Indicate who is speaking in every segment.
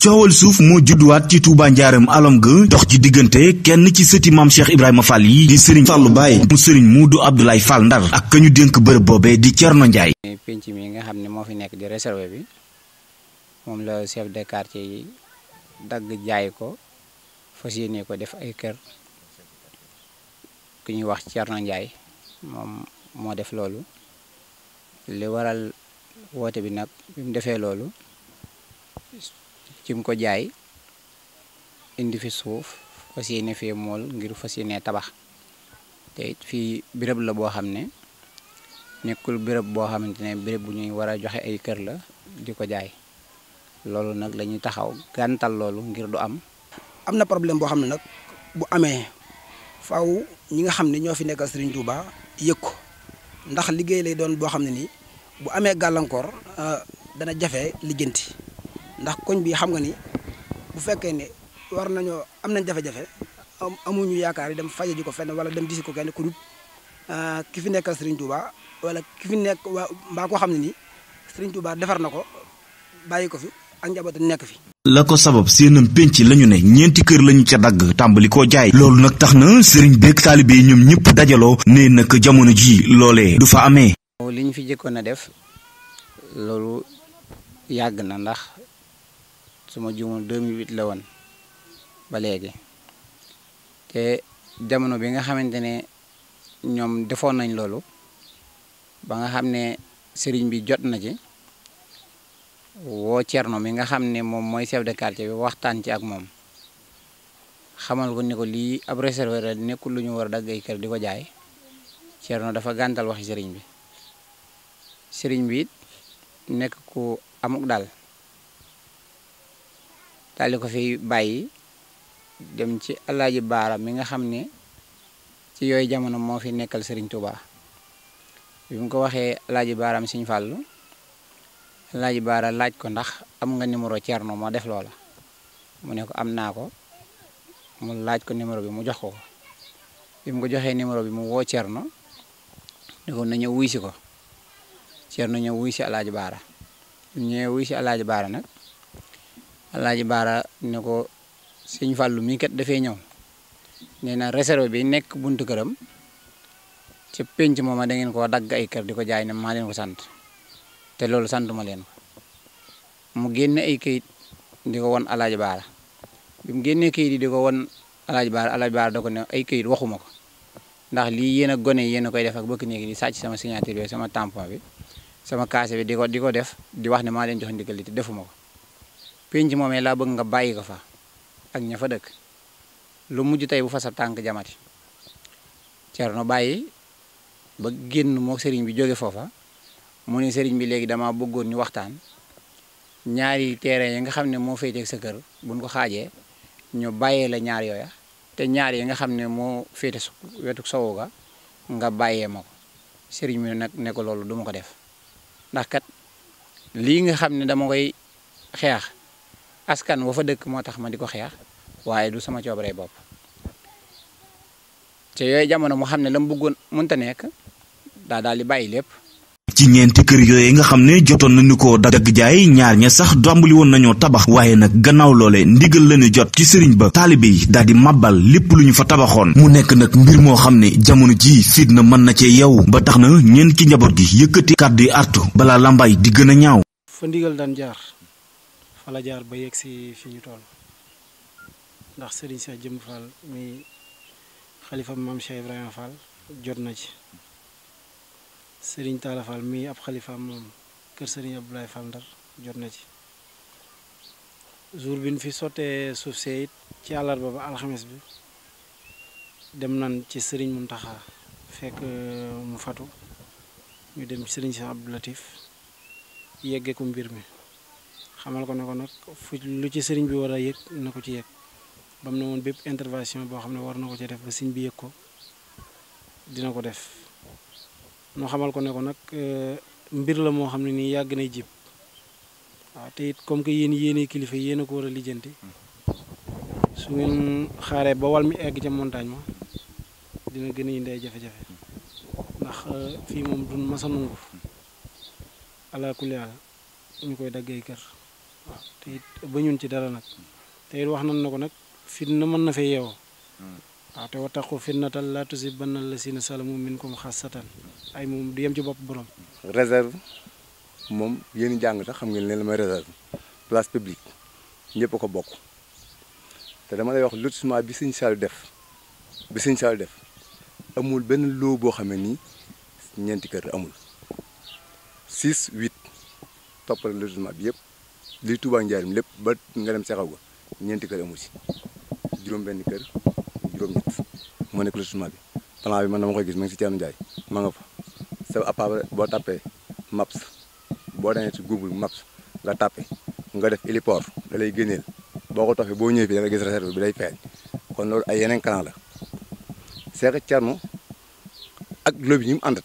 Speaker 1: coowal suuf moo judduwaat ci Touba njaaram alom ga dox ci diggante kenn ci sëti maam Cheikh Ibrahima Fall yi di Serigne Fallou Baye mu Serigne Modou Abdoulaye Fall Ndar ak ka ñu dénk bërëb boobee di Thierno njaay penc mi nga xam ne moo fi nekk di réservé bi
Speaker 2: moom la chef de dagg jaay ko fas yéene ko def ay kër ku ñuy wax Thierno Ndiaye moom moo def loolu li waral woote bi nag bi mu defee loolu. ki mu ko jaay indi fi suuf fas yéene mool ngir fas yéene tabax te it fii béréb la boo xam ne nekkul béréb boo xamante ne béréb bu ñuy war a joxe ay kër la di ko jaay
Speaker 3: loolu nag la taxaw gàntal loolu ngir du am. am na problème boo xam ne nag bu amee faw ñi nga xam ne ñoo fi nekkal Serigne Touba yëg ko ndax liggéey lay doon boo xam ne nii bu amee gàllankoor euh, dana jafe lijjanti. ndax koñ bi xam nga ni bu fekkee ne war nañoo am nañ jafe-jafe amuñu yaakaar yi dem faje ji ko fenn wala dem disi ko kenn ku ah, ki fi nekkal Serigne Touba wala ki fi nekk waa mbaa koo xam ne ni Serigne Touba defar na ko bàyyi ko fi ak njabootam nekk fi.
Speaker 1: la ko sabab seenam penc la ñu ne ñeenti kër lañu ca dagg tàmbali koo jaay loolu nag tax na sëriñ beeg taalibe yi ñoom ñëpp dajaloo ne nag jamono ji loolee du fa amee.
Speaker 2: li ñu fi jëkkoon a def loolu yàgg na ndax. su ma juumul 2008 la woon ba léegi te jamono bi nga xamante ne ñoom defoon nañ loolu ba nga xam ne sëriñ bi jot na ci woo Cerno mi nga xam ne moom mooy seef de quartier bi waxtaan ci ak moom xamal ko ni ko lii ab reserver la nekkul lu ñu war a dagg ay di ko jaay Cerno dafa gàntal waxi sëriñ bi sëriñ bi it nekk ko amuk daal daal ko fi bàyyi dem ci alaaji baara mi nga xam ne ci yooyu jamono moo fi nekkal sëriñ Touba bi ko waxee alaaji baaraam sëñ Fallou alaaji baara laaj ko ndax am nga numéro Thierno moo def loola mu ne ko am naa ko mu laaj ko numéro bi mu jox ko ko ko joxee numéro bi mu woo Thierno ne ko na ñëw wuy si ko Thierno ñëw wuy si alaaji baara bi mu ñëwee wuy si alaaji baara nag alaaji baara ne ko sëñ fàllu mii kat dafee ñëw nee na réserve bi nekk bunt këram ca pénc mooma da ngeen ko dagg ay kër di ko jaay ne maa leen ko sant te loolu santuma leen ko mu génne ay kayit di ko won alaaji baara bi mu di ko won alaaji baara alaaji baara ko ne ay kayit waxuma ko ndax lii yéen a gone yéen a koy def ak bëkk néegi di sàcc sama signature bi sama tampon bi sama kaase bi di ko di ko def di wax ne maa leen jox ndigal te defuma ko penc moomee laa bëgg nga bàyyi ko fa ak ña fa dëkk lu mujj tey bu fa sa tànk jamati Cerno bàyyi ba génn moo sëriñ bi jóge foofa mu ne sëriñ bi léegi dama bëggoon ñu waxtaan ñaari tere yi nga xam ne moo féetee sa kër buñ ko xaajee ñu bàyyee la ñaar yooya te ñaar yi nga xam ne moo féete su wetu sowu ga nga bàyyee ma ko sëriñ bi nag ne loolu duma ko def ndax kat lii nga xam ne dama koy xeex askan wa fa dëkk moo tax ma di ko xeex waaye du sama coobaree bopp te yooyu jamono mu xam ne la mu bëggoon mënta nekk
Speaker 1: daa daal di bàyyi lépp. ci ñeenti kër yooyu nga xam ne jotoon nañu ko dagg jaay ñaar ña sax dombali woon nañoo tabax waaye nag gannaaw loole ndigal lañu jot ci sëriñ ba taalibe yi daal di màbbal lépp lu ñu fa tabaxoon mu nekk nag mbir moo xam ne jamono ji fitna mën na cee yow ba tax na ñeent ci njaboot gi yëkkati kàddu yi balaa làmbaay
Speaker 4: fa la jaar ba yegg si fi ñu toll ndax Serigne Cheikh Jëmb Fall mi xalifa maam Cheikh Ibrahima Fall jot na ci sëriñ Talla Fall mi ab xalifa moom kër Serigne Abdoulaye Fall Ndar jot na ci jour bi ñu fi sotee suuf see ci àllarba ba alxames bi dem nan ci Serigne taxa fekk euh, mu fatu ñu dem Serigne Cheikh Abdou Latif yegge mbir mi. xamal ko ne ko nag fu lu ci sëriñ bi war a yëg na ko ci yëg ba mu ne woon bépp intervention boo xam ne war na ko ci def ba sëriñ bi yëg ko dina ko def moo xamal ko ne ko nag euh, mbir la moo xam ne nii yàgg na jib waaw te it comme que yéen yéenee kilifa yéen a ko war a lijjanti su ngeen xaaree ba wal mi egg ca montagne ma dina gën a indi ay jafe-jafe ndax euh, fii moom du masa nangu alaa kulli ñu koy daggee kër waaw te it bañun ci dara nag te wax nan na ko nag fitna mën na fee yeewoo hmm. waaw te wattaqu fitnatan laa tusibanna allaziina zalamu minkum xaassatan ay moom du yem ci bopp boroom
Speaker 5: réserve moom yéen jàng sax xam ngeen ne la may réserve place publique ñëpp a ko bokk te dama lay wax lotissement bi sëñ Saliou def bi sëñ Saliou def amul benn loo boo xam ne nii ñeenti kër amul 6 8 toppal lotissement bi yëpp li Touba lépp ba nga dem saxaw ga ñeenti kër amu si juróom-benn kër juróom-ñett moo nekk lotissement bi plan bi man dama gis ma ngi si Thierno Ndiaye ma nga fa sa appart boo tapé maps boo demee si Google maps nga tapé nga def héliport da lay génneel boo ko toppee boo ñëwee fii da nga gis bi day feeñ kon loolu ay yeneen canal la Cheikh Thierno ak lobby yi mu àndat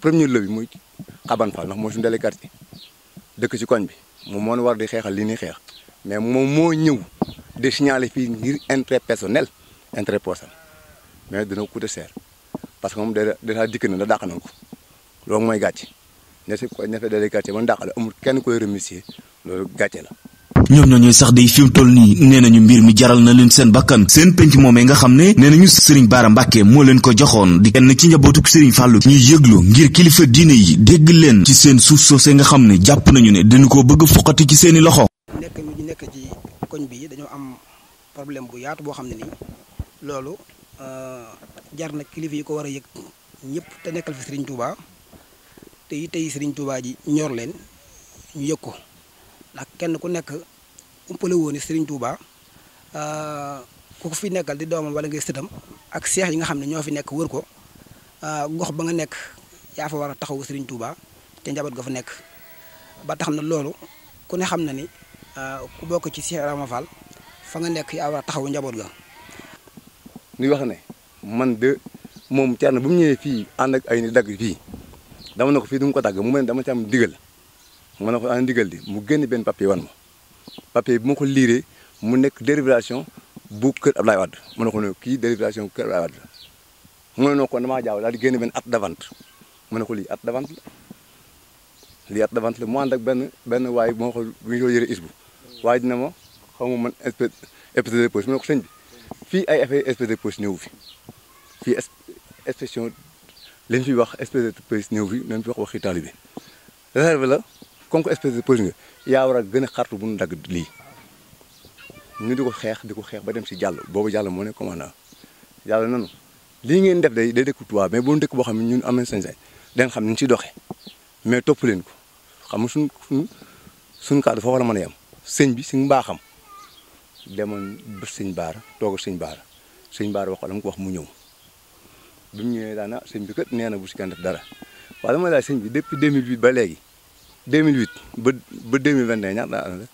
Speaker 5: premier lobby muy Xaban Fall ndax mooy suñu délégué quartier dëkk si koñ bi mu moon war di xeexal li ñuy xeex mais moom moo ñëw di signaler fii ngir intérêt personnel intérêt personnel mais dina coûte cher parce que moom da dèjà dikk na da dàq nañ ko loolu mooy gàcce ña si ña fa délégué quartier ba dàq la amul kenn koy remercier loolu gàcce la
Speaker 1: ñoom ñoo ñooy sax day fi toll nii nee ñu mbir mi jaral na leen seen bakkan seen penc moomee nga xam ne nee nañu sëriñ Baara Mbàkke moo leen ko joxoon di kenn ci njabootuk sëriñ Fàllu ñuy yëglu ngir kilifa diine yi dégg leen ci seen suuf soosé nga xam ne jàpp nañu ne dañu ko bëgg fuqati ci seeni loxo nekk ñu nekk ci
Speaker 3: koñ bi dañoo am problème bu yaatu boo xam ne nii loolu euh, jar na kilifa yi ko war a yëg ñëpp te nekkal fi sëriñ Touba te yi tey sëriñ ji ñor leen ñu yëg ko umpale woon ni Serigne Touba euh, ku ko fi nekkal di doomam wala ngay sëtam ak seex yi nga xam ne ñoo fi nekk wër ko euh, gox ba nga nekk yaa fa war a taxawu Serigne Touba te njaboot ga fa nekk ba na loolu ku ne xam na ni euh, ku bokk ci Cheikh Rama fa nga nekk yaa war a taxawu njaboot ga.
Speaker 5: nuy wax ne man de moom Thierno bu mu ñëwee fii ànd ak ay ni dagg fii dama ne ko fii du mu ko dagg mu mel dama ci am digal ma ne ko ah digal di mu génn benn papier wan ma. papier bi ko liiree mu nekk dérivation bu kër Abdoulaye Wade ma ne ko ne kii dérivation bu kër Abdoulaye Wade la mu ne noo kon damaa jaaw daal di génn benn acte de vente ma ne ko lii acte de vente la lii mu ànd ak benn benn waay moo ko bu ñu ko ma xaw ma ma ne ko sëñ bi fii ay affaire espèce de poche ñëw fi fii inspection li ñu wax espèce de ñëw fi nañ fi wax la comme que espèce de poison yaa war a gën a xartu bu ñu dagg lii ñu di ko xeex di ko xeex ba dem si jàll boobu jàll moo ne commandant yàlla nanu lii ngeen def day day dëkk tubaab mais bu ñu boo xam ne ñun am nañ sañ-sañ xam ni ñu si doxee mais topp leen ko xam nga suñ suñ kàddu fa war a mën a yem sëñ bi si mbaaxam demoon ba sëñ baara toog sëñ baara sëñ baara wax la mu ko wax mu ñëw bi mu ñëwee daana sëñ bi kat nee si kenn def dara ba léegi 2008 ba ba 2021 ñaata at la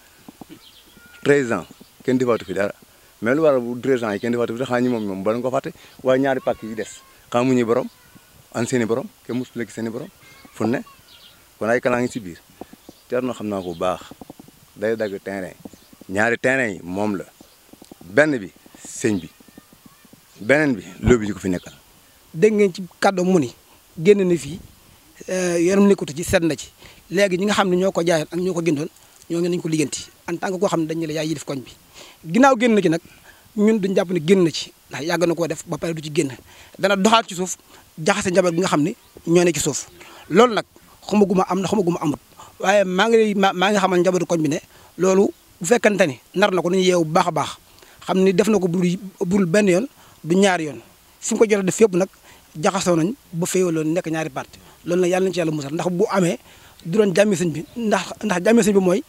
Speaker 5: 13 ans kenn defaatu fi dara mais lu waral bu 13 ans yi kenn defaatu fi dara xanaa ñi moom ñoom bala nga ko fàtte waaye ñaari pàcc yi des xanaa mu ñuy borom an seen i borom kenn musul lekk seen i borom fu ne kon ay kanaa ngi si biir Thierno xam naa ko bu baax day dagg terrain ñaari terrain yi moom la benn bi sëñ bi beneen bi lóobi ñu fi nekkal. dégg ngeen ci
Speaker 3: kàddu mu ni génn fi fii euh, yaram nekkatu ci set na ci. léegi ñi nga xam ne ñoo ko jaayoon ak ñoo ko gëndoon ñoo ngi nañu ko ligganti en tan que koo xam ne dañ ne la yaay yilif ginnaaw génn na ci nag ñun duñ jàpp ne génn na ci ndax yàgg na koo def ba pare du ci génn dana doxaat ci suuf jaxase njaboot gi nga xam ne ñoo ne ci suuf loolu nag xamaguma am na xamaguma amut waaye maa ngi lay maa ngi xamal njabootu koñ bi ne loolu bu fekkante ni nar na ko nañu yeew bu baax a baax xam ni def na ko bul bul benn yoon bu ñaari yoon fi mu ko jot a def yëpp nag jaxasoo nañ ba féewaloon nekk ñaari baat loolu nag yàlla na ci yàlla musal ndax bu amee du doon jàmmi bi ndax ndax jàmmi sëñ bi mooy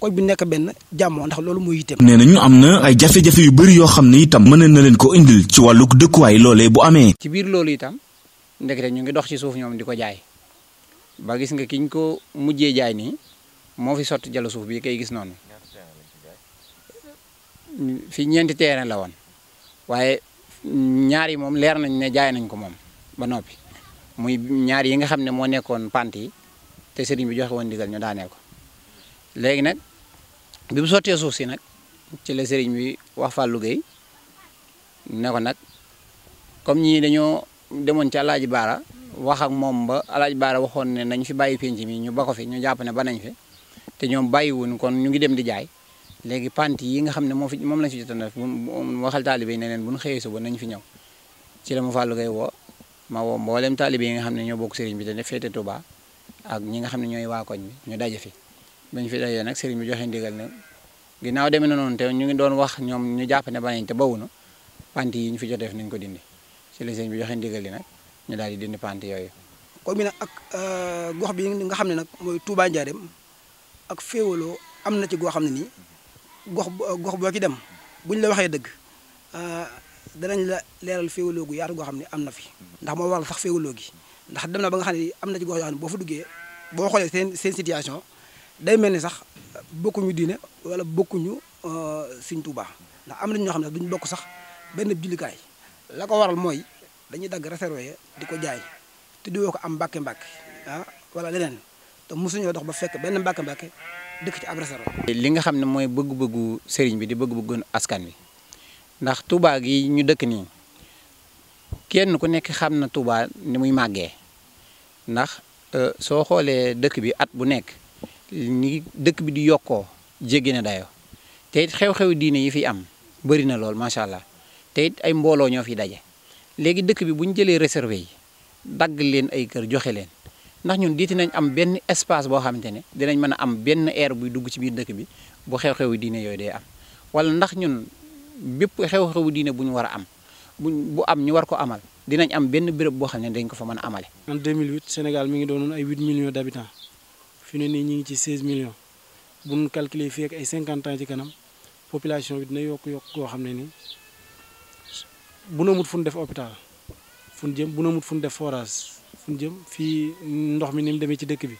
Speaker 3: koñ bi nekk benn jàmmoo ndax loolu mooy yitteem. nee
Speaker 1: na am na ay jafe-jafe yoo xam ne itam. mën na leen ko indil ci wàllug dëkkuwaay bu amee.
Speaker 3: ci biir loolu itam
Speaker 2: ndekete ñu ngi dox ci suuf ñoom di ko jaay ba gis nga kiñ ko mujjee jaay nii moo fi sotti jalo suuf bi kay gis noonu fi ñeenti terrain la woon waaye ñaar yi moom leer nañ ne jaay nañ ko moom ba noppi muy ñaar yi nga xam ne moo nekkoon pant yi. te sëriñ bi joxe woon ndigal ñu ko léegi nag bi mu sottee suuf si nag ci la sëriñ bi wax Fallou Gueye ne ko nag comme ñii dañoo demoon ci alaaji baara wax ak moom ba alaaji baara waxoon ne nañ fi bàyyi penc mi ñu ba ko fi ñu jàpp ne ba nañ fi te ñoom bàyyiwuñ kon ñu ngi dem di jaay léegi pant yi nga xam ne moo fi moom lañ fi jotoon waxal taalibe yi ne leen bu ñu xëyee suba nañ fi ñëw ci la mu Fallou Gueye woo ma woo mboolem taalibe yi nga xam ne ñoo bokk sëriñ bi te ne féete Touba ak ñi nga xam ne ñooy waakoñ koñ bi ñu daje fi bañ fi dajee nag sëriñ bi joxe ndigal ne ginnaaw demee na noonu ñu ngi doon wax ñoom ñu jàpp ne banañ te bawu na pant yi ñu fi joteef nañ ko dindi ci la sëriñ bi joxe ndigal li nag ñu daal di dindi pant yooyu
Speaker 3: koñ bi nag ak euh, gox bi nga xam ne nag mooy Touba Ndiarème ak féewaloo am na ci goo xam ne nii gox euh, gox boo ci dem buñ la waxee dëgg euh, danañ la leeral féewaloo gu yaatu goo xam ne am na fi ndax moo waral sax féewaloo gi ndax dem na ba nga xam ne am na ci gox boo fa duggee boo xoolee seen seen situation day mel ni sax bokkuñu diine wala bokkuñu euh, Sëñ Tuubaa ndax am na ñoo xam ne duñ bokk sax benn jullikaay la ko waral mooy dañuy dagg réservé di ko jaay te di woo ko am mbàkke mbàkke ah wala leneen te mosuñoo dox ba fekk benn mbàkke mbàkke dëkk ci ab réservé.
Speaker 2: li nga xam ne mooy bëgg-bëggu sëriñ bi di bëgg-bëggu askan wi ndax Tuubaa gi ñu dëkk nii. kenn ku nekk xam na Touba ni muy màggee ndax euh, soo xoolee dëkk bi at bu nekk ni dëkk bi di yokkoo jéggi na dayo te xew-xew diine yi fi am bëri na lool macha allah te it ay mbooloo ñoo fi daje léegi dëkk bi bu ñu jëlee réservé yi dagg leen ay kër joxe leen ndax ñun diiti nañ am benn espace boo xamante ne dinañ mën a am benn air buy dugg ci biir dëkk bi bu xew-xewu diine yooyu day am wala ndax ñun bépp xew-xewu diine bu ñu war a am bu am ñu war ko amal dinañ am benn béréb boo xam ne dañ ko fa mën a amale.
Speaker 4: en 2008 Sénégal mi ngi doonoon ay 8 millions d' habitants fi ne nii ñu ngi ci 16 millions bu ñu calculer fii ak ay cinquante ans ci kanam population bi dina yokk yokk koo xam ne nii bu na mut fu ñu def hôpital fun jëm bu na mut def forage fu jëm fii ndox mi ni mu demee ci dëkk bi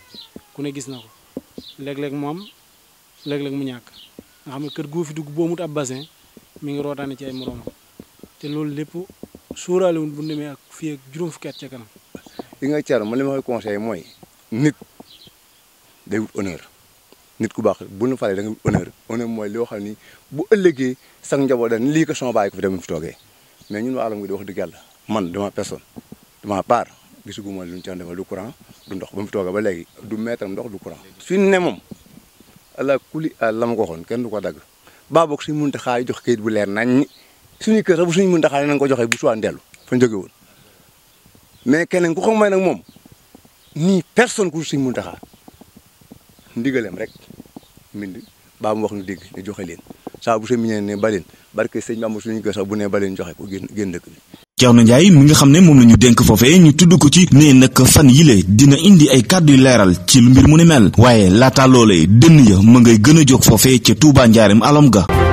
Speaker 4: ku ne gis na ko léeg-léeg mu am léeg-léeg mu ñàkk nga xam ne kër goo fi dugg boo mut ab bassin mu ngi rootaane ci ay moroomam. te loolu lépp suuraale wuñ bu ñu demee ak fii ak juróom fukki at ca kanam.
Speaker 5: li nga car man li ma koy mooy nit day wut honneur nit ku baax bu nu falee da nga wut honneur honneur mooy li xam ni bu ëllëgee sax njaboot dañ lii ko sama bàyyi ko fi dem fi toogee mais ñun waa alam gi di wax dëgg yàlla man dama personne dama part gisuguma luñ ca defal du courant du ndox ba mu fi toogee ba léegi du mètre ndox du courant. suñ ne moom allah kulli la ma ko waxoon kenn du ko dagg baa boog suñ mënta xaay jox kayit bu leer nañ suñu kër sax bu suñu mën ndaxaale nañ ko joxe bu suwaan dellu fa jóge mais keneen ku xam may nag moom nii personne ku suñu mën ndaxaa ndigaleem rek mbind baa mu wax nu dégg ñu joxe leen saa bu sa miñee ne baleen barke sëñ Bamba suñu kër sax bu ne baleen joxe ko génn génn dëkk bi
Speaker 1: Thierno Ndiaye mi nga xam ne moom la ñu dénk foofee ñu tudd ko ci ne nag fan yile dina indi ay kàddu yu leeral ci lu mbir mu ni mel waaye laata loolee dënn ya ma ngay gën a jóg foofee ca Touba Njaarim alom ga